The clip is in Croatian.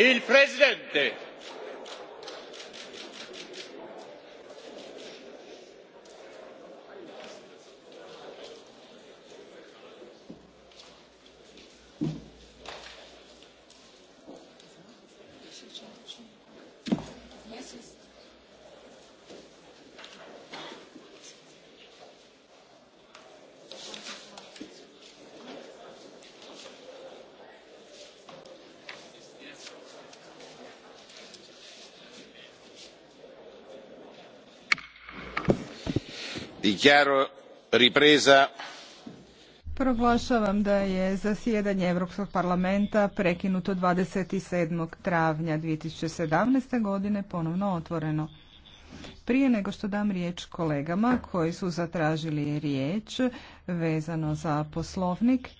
Il Presidente. Proglašavam da je zasjedanje Europskog parlamenta prekinuto 27. travnja 2017. godine ponovno otvoreno. Prije nego što dam riječ kolegama koji su zatražili riječ vezano za poslovnik,